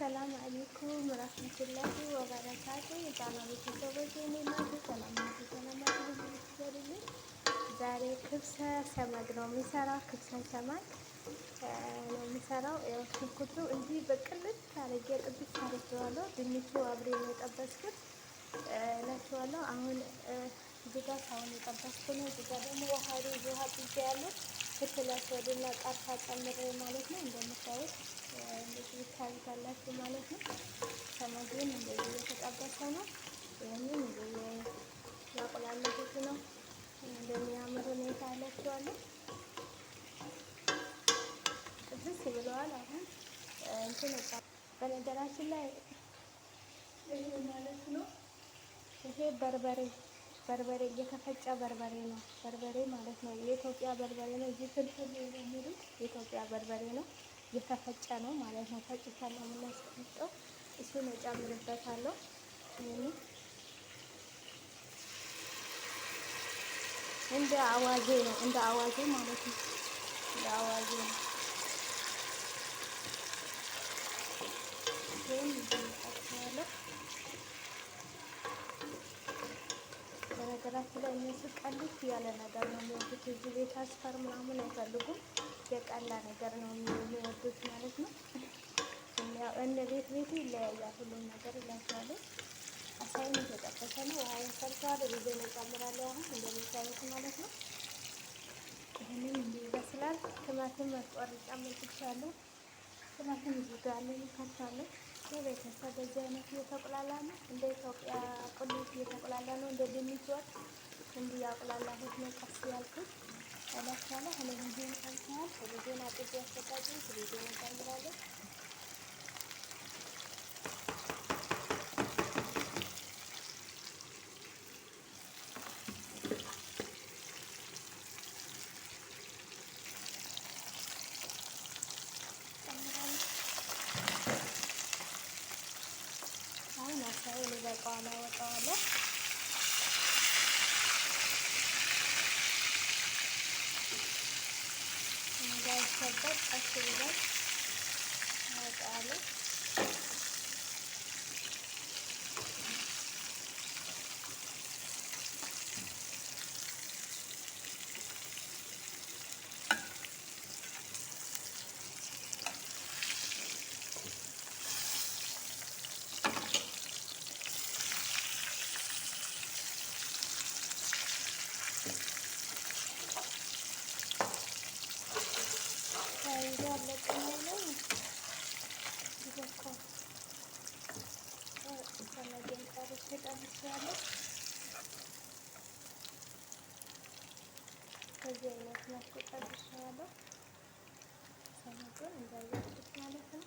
ሰላም አለይኩም ራህመቱላሂ ወበረካቱ የጣና ቤተሰቦች የሚማሉ ሰላም ተሰናማዘልኝ ዛሬ ክብሰ ሰመግ ነው የሚሰራው። ክብሰ ሰመግ ነው የሚሰራው። ሽንኩርቱ እንዲህ በቅልት ታረጌ ጥብስ ታረጌዋለሁ። ድንቹ አብሬ ነው የጠበስኩት እላችኋለሁ አሁን እዚህ ጋር ሳውን የጠበስኩ ነው። እዚህ ጋር ደግሞ ውሃ ሩዝ ውሃ ጥጃ ያለው ክትላስወድና ቃርታ ጨምሬ ማለት ነው። እንደምታዩት እንደዚህ ይታዩታላችሁ ማለት ነው። ተመግን እንደዚህ እየተጠበሰ ነው። ይህንን ነው እንደሚያምር ሁኔታ ያላችኋለሁ። ቅድስ ብለዋል። አሁን እንትን በነገራችን ላይ ይሄ ማለት ነው ይሄ በርበሬ በርበሬ እየተፈጨ በርበሬ ነው። በርበሬ ማለት ነው የኢትዮጵያ በርበሬ ነው። እዚህ ፍልፍል የሚሉት የኢትዮጵያ በርበሬ ነው። እየተፈጨ ነው ማለት ነው። ፈጭተን ነው የምናስቀምጠው። እሱን እጨምርበታለሁ እንደ አዋዜ ነው። እንደ አዋዜ ማለት ነው። እንደ አዋዜ ነው። ይህም ይዘ በነገራችን ላይ እነሱ ቀልድ ያለ ነገር ነው የሚወዱት። እዚህ ቤት አስፈር ምናምን አይፈልጉም። የቀላ ነገር ነው የሚወዱት ማለት ነው። እንደ ቤት ቤቱ ይለያያል። ሁሉም ነገር ይለያያል። አሳይን የተጠበሰ ነው። ውሃ ያፈልተዋል። ጊዜ እንጨምራለን። አሁን እንደ ማለት ነው። ይህንን ይመስላል። ቲማቲም መቆረጫ መጥቻለሁ። ቲማቲም እዚህ ጋር አለኝ ቤተሰብ በዚህ አይነት እየተቆላላ ነው። እንደ ኢትዮጵያ ቁሌት እየተቆላላ ነው። እንደ ድንች ወጥ እንዲህ ያቁላላሁት ነው። ቀስ ያልኩት ተለቻለ ህለጊዜን ቀምተዋል። ስለዜና ጥጅ ያሰጣጭ ስለዜና ጨምራለች açacağız. Evet alet. ማለት ነው። ተጠብሽ ያለው ሰሞኑን እንዳያችሁት ማለት ነው።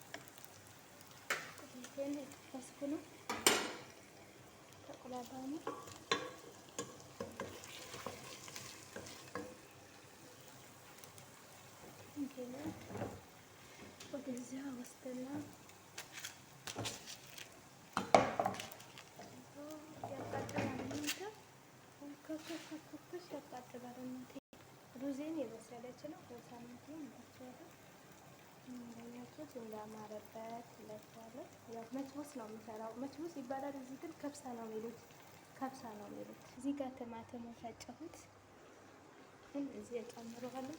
ቁጥጥን የተፈስኩ ነው ተቁላላ ነው። ወደዚያ ወስደናል። የምችለው በሳምንት ነው እንዳትያለሁ መችቡስ እንዳማረበት እላችኋለሁ። ያው መችቡስ ነው የሚሰራው። መችቡስ ይባላል እዚህ ግን ከብሳ ነው የሚሉት። ከብሳ ነው የሚሉት። እዚህ ጋር ቲማቲም የፈጨሁት ግን እዚህ እጨምረዋለሁ።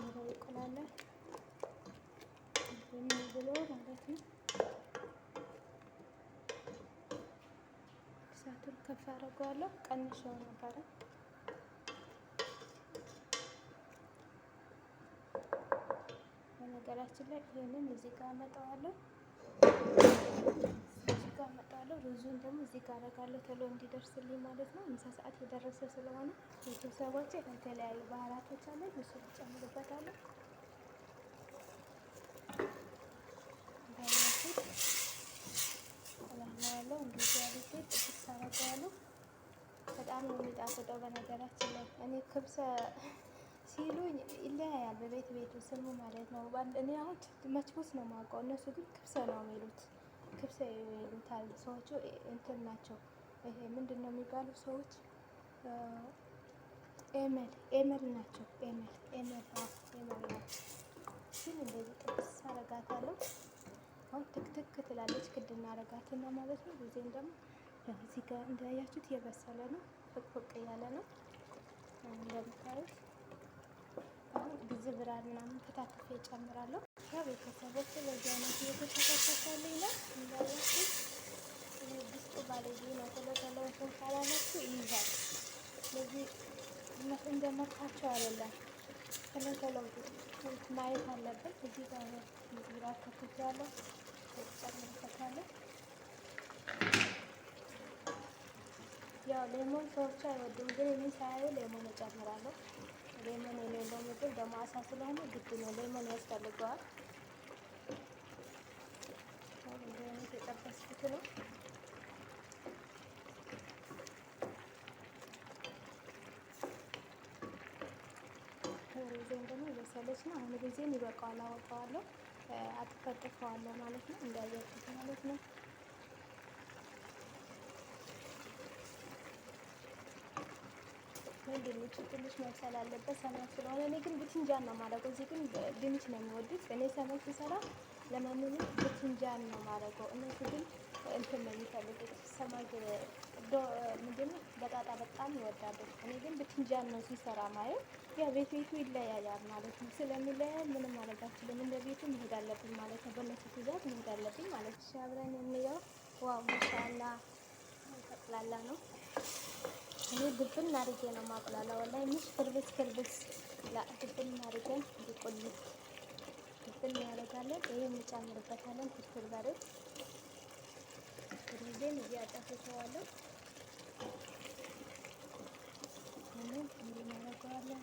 እንቁላለን ዝም ብሎ ማለት ነው ከፍ አደርገዋለሁ። ቀንሼው ነበረ። በነገራችን ላይ ይህንን እዚህ ጋር አመጣዋለሁ እዚህ ጋር አመጣዋለሁ። ሩዙን ደግሞ እዚህ ጋር አደርጋለሁ ቶሎ እንዲደርስልኝ ማለት ነው። ምሳ ሰዓት የደረሰ ስለሆነ ቤተሰቦቼ የተለያዩ ባህላቶች አለን እሱን ጨምርበታለሁ። በጣም ነው የሚጣፍጠው። በነገራችን ላይ እኔ ክብሰ ሲሉኝ ይለያያል፣ በቤት ቤቱ ስሙ ማለት ነው። እኔ አሁን መችቡስ ነው የማውቀው፣ እነሱ ግን ክብሰ ነው የሚሉት። ክብሰ ይሉታል ሰዎቹ። እንትን ናቸው ይሄ ምንድን ነው የሚባሉ ሰዎች ኤመል ኤመል ናቸው። ኤመል ኤመል ኤመል ናቸው። ግን እንደዚህ ጥብስ አረጋታለሁ። አሁን ትክትክ ትላለች። ክድ እናረጋትና ማለት ነው ጊዜም ደግሞ እዚህ ጋር እንዳያችሁት እየበሰለ ነው። ፍቅፍቅ እያለ ነው እንደምታዩት። አሁን ብዙ ብራን ምናምን ከታትፌ ይጨምራለሁ። ያ ቤተሰቦች በዚህ አይነት እየተሸፈሸፈል ነው እንዳያችሁ ድስጡ ባለጌ ነው። ቶሎ ቶሎ እንትን ካላላችሁ ይይዛል። ስለዚህ እንደመርካቸው አይደለም። ቶሎ ቶሎ ማየት አለበት። እዚህ ጋር ነው ዝብራ ያው ሌሞን ሰዎች አይወዱም፣ ግን እኔ ሳያዩ ሌሞን እጨምራለሁ። ሌሞን የሌለው ምግብ ደግሞ አሳ ስለሆነ ግድ ነው፣ ሌሞን ያስፈልገዋል። እንደሆነት የጠበስኩት ነው። ሩዜን ደግሞ እየሰለች ነው። አሁን ይበቃዋል፣ አወጣዋለሁ፣ ማለት ነው፣ እንዳያችሁት ማለት ነው። ድንች ትንሽ መብሰል አለበት። ሰመን ስለሆነ እኔ ግን ብትንጃን ነው የማደርገው። እዚህ ግን ድንች ነው የሚወዱት። እኔ ሰመን ስሰራ ለማንኛውም ብትንጃን ነው የማደርገው። እነሱ ግን እንትን ነው የሚፈልጉት። ሰመግ ምንድን በጣጣ በጣም ይወዳሉ። እኔ ግን ብትንጃን ነው ሲሰራ ማየው። ያ ቤት ቤቱ ይለያያል ማለት ነው። ስለሚለያል ምንም ማለት አችልም። እንደ ቤቱ መሄድ አለብኝ ማለት ነው። በእነሱ ትእዛዝ መሄድ አለብኝ ማለት ነው። አብረን እንየው። ዋው ማሻላ ጠቅላላ ነው። እኔ ግብን አድርጌ ነው ማቁላላው ላይ ምሽ ክርብስ ክርብስ ላ አድርገን እንዲቆልል ድብን እናደርጋለን። ይሄ እንጨምርበታለን ፍርፍር በርት ፍርፍሬን እያጠፍተዋለሁ። ይህንን እንዲህ እናደርገዋለን።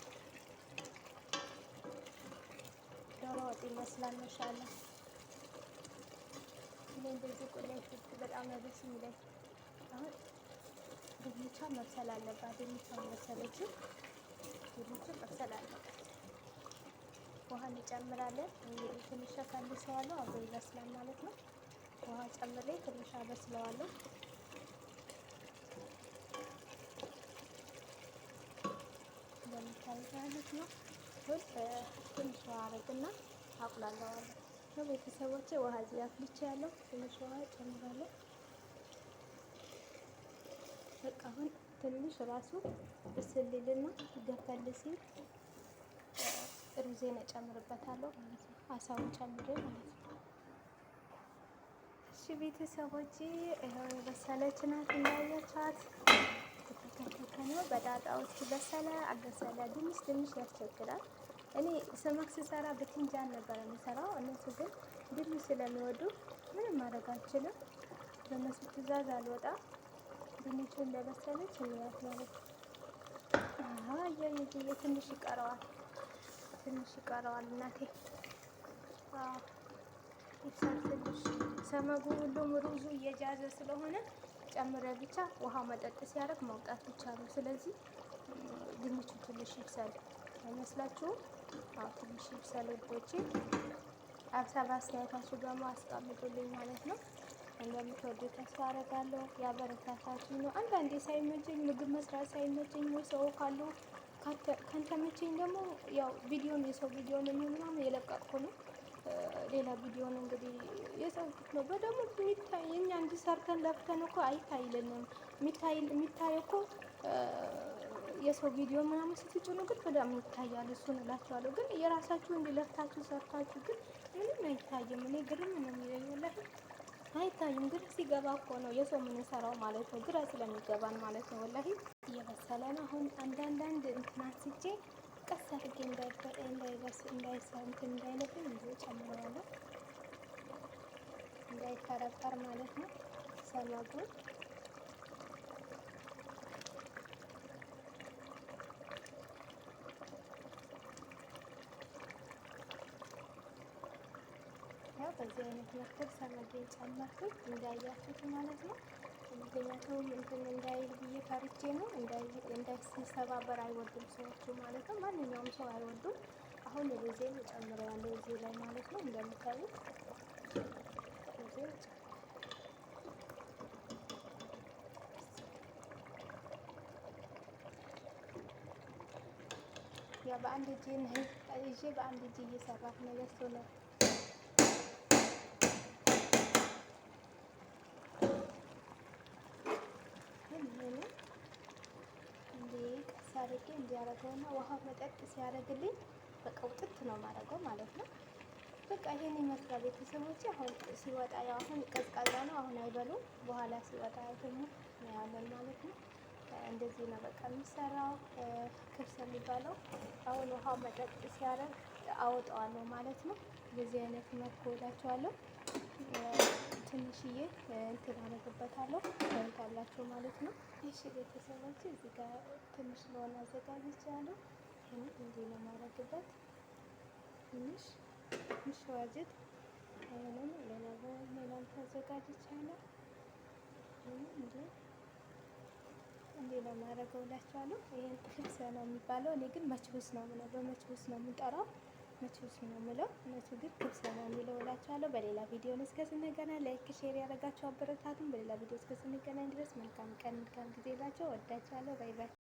ዶሮ ወጥ ይመስላል። መሻለ እኔ እንደዚህ ቆላይ ፍርፍር በጣም ነው ደስ የሚለኝ አሁን ድንቿ መብሰል አለባት። ድንቿ መሰለችው ድንቹ መብሰል አለባት። ውሃ እንጨምራለን። እንግዲህ ትንሽ ከልሰዋለሁ፣ አብሮ ይበስላል ማለት ነው። ውሃ ጨምሬ ትንሽ አበስለዋለሁ። እንደምታዩት አይነት ነው። ሁል ትንሽ ውሃ አረግና አቁላለዋለሁ። ቤተሰቦቼ ውሃ እዚህ አፍልቼ ያለው ትንሽ ውሃ ጨምራለሁ። በቃ አሁን ትንሽ ራሱ ብስልልና ገፈል ሲል ሩዜን እጨምርበታለሁ ማለት ነው። አሳውን ጨምሬ ማለት ነው። እሺ ቤተሰቦች ይኸው የበሰለች ናት እንዳያችኋት። ተከተከ ነው በዳጣው በሰለ አገሰለ ድንሽ ድንሽ ያስቸግራል። እኔ ስመክ ስሰራ ብትንጃን ነበር የምሰራው። እነሱ ግን ድንሽ ስለሚወዱ ምንም ማድረግ አልችልም። በእነሱ ትዕዛዝ አልወጣም። ድንቹ እንደበሰለች እንያት ማለት ነው። አያይዬ ትንሽ ይቀረዋል፣ ትንሽ ይቀረዋል እናቴ ይብሳል። ትንሽ ሰመጉ ሁሉም ሩዙ እየጃዘ ስለሆነ ጨምረ ብቻ ውሃ መጠጥ ሲያደርግ መውጣት ብቻ ነው። ስለዚህ ድንቹ ትንሽ ይብሳል አይመስላችሁም? አዎ ትንሽ ይብሳል። ወዶቼ አብሳብ አስተያየታችሁ ደግሞ አስቀምጡልኝ ማለት ነው። እንደምትወዱ ተስፋ አደርጋለሁ። ያበረታታችሁኝ ነው። አንዳንዴ ሳይመቸኝ ምግብ መስራት ሳይመቸኝ ወይ ሰው ካሉ ከንተመቸኝ ደግሞ ያው ቪዲዮን የሰው ቪዲዮን የሚሆን ምናምን የለቀቅኩ ነው። ሌላ ቪዲዮን እንግዲህ የሰሩት ነው። በደግሞ የኛ እንጂ ሰርተን ለፍተን እኮ አይታይልንም። የሚታይ እኮ የሰው ቪዲዮ ምናምን ስትጭኑ ግን በደም ይታያል። እሱን እላቸዋለሁ። ግን የራሳችሁ እንዲለፍታችሁ ሰርታችሁ ግን ምንም አይታይም። እኔ ግርም ነው የሚለኝ አትታይም፣ ግራ ሲገባ እኮ ነው የሰው የምንሰራው ማለት ነው። ግራ ስለሚገባን ማለት ነው። ወላሂ እየበሰለን አሁን አንዳንዳንድ እንትናት ስቼ ቀስ አድርጌ እንዳይበስ እንዳይሰምት እንዳይለብን እንዲሁ ጨምረዋለሁ እንዳይፈረፈር ማለት ነው ሰመጉን በዚህ አይነት መክተብ ሰመጌን ጨመርኩኝ እንዳያችሁት ማለት ነው። ምክንያቱም እንትን እንዳይል ብዬ ፈርቼ ነው። እንዳይሰባበር አይወዱም ሰዎቹ ማለት ነው። ማንኛውም ሰው አይወዱም። አሁን ሩዜን ጨምሬያለሁ እዚህ ላይ ማለት ነው። እንደምታዩት ያ በአንድ እጄ ይዤ በአንድ እጄ እየሰራሁ ነው። አድርጌ እና ውሃው መጠጥ ሲያደርግልኝ በቃ ውጥት ነው ማድረገው ማለት ነው። በቃ ይሄን ይመስላል ቤተሰቦች። አሁን ሲወጣ ያው አሁን ቀዝቃዛ ነው፣ አሁን አይበሉም። በኋላ ሲወጣ ደግሞ ያለን ማለት ነው። እንደዚህ ነው በቃ የሚሰራው ክብስ የሚባለው። አሁን ውሃው መጠጥ ሲያደርግ አወጣዋለሁ ማለት ነው። በዚህ አይነት መልኩ እወዳቸዋለሁ። ትንሽዬ እንትን አደርግበታለሁ ታያላችሁ ማለት ነው። እሺ ቤተሰቦች እዚህ ጋር ትንሽ ስለሆነ አዘጋጅቻለሁ። ይህን እንዲህ ነው ትንሽ ትንሽ ዋጅት ይህንን ሌላም ታዘጋጅቻለሁ። ይህን እንዲህ እንዲህ ነው የማደርገው ይህን ጥብስ ነው የሚባለው። እኔ ግን መችቡስ ነው የምንለው፣ መችቡስ ነው የምንጠራው መቼ ነው ምለው እነሱ ግን ክብሰ ነው የሚለው እላችኋለሁ። በሌላ ቪዲዮ እስከ ስንገናኝ ላይክ፣ ሼር ያደረጋችሁ አበረታቱን። በሌላ ቪዲዮ እስከ ስንገናኝ ድረስ መልካም ቀን፣ መልካም ጊዜ እላቸው። ወዳችኋለሁ። ባይ ባይ።